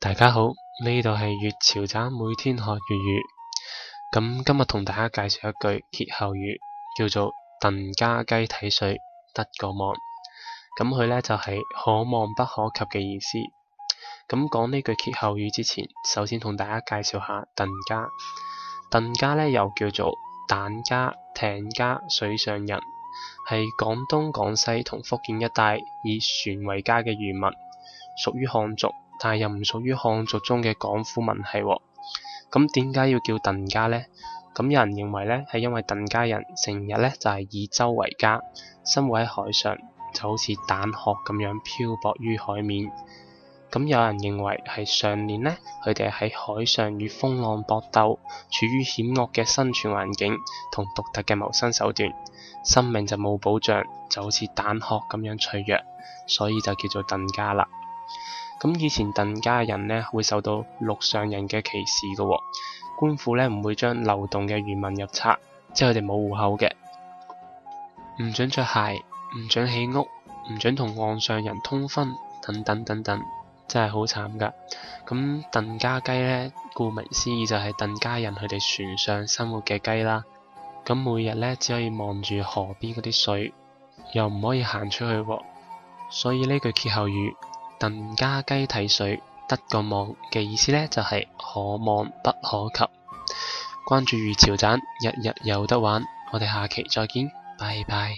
大家好，呢度係粵潮盞，每天學粵語。咁今日同大家介紹一句歇後語，叫做疍家雞睇水得個望。咁佢呢就係可望不可及嘅意思。咁講呢句歇後語之前，首先同大家介紹下疍家。疍家呢又叫做蛋家艇家水上人。係廣東、廣西同福建一帶以船為家嘅漁民，屬於漢族，但係又唔屬於漢族中嘅廣府民系。咁點解要叫疍家呢？咁、嗯、有人認為呢係因為疍家人成日呢就係、是、以舟為家，生活喺海上，就好似蛋殼咁樣漂泊於海面。咁有人認為係上年呢，佢哋喺海上與風浪搏鬥，處於險惡嘅生存環境同獨特嘅謀生手段，生命就冇保障，就好似蛋殼咁樣脆弱，所以就叫做疍家啦。咁以前疍家人呢，會受到陸上人嘅歧視嘅喎、哦，官府呢，唔會將流動嘅漁民入冊，即係佢哋冇戶口嘅，唔准著鞋，唔准起屋，唔准同岸上人通婚，等等等等。真係好慘噶，咁疍家雞呢，顧名思義就係疍家人佢哋船上生活嘅雞啦。咁每日呢，只可以望住河邊嗰啲水，又唔可以行出去，啊，所以呢句歇後語“疍家雞睇水得個望嘅意思呢，就係、是、可望不可及”。關注魚潮站，日日有得玩。我哋下期再見，拜拜。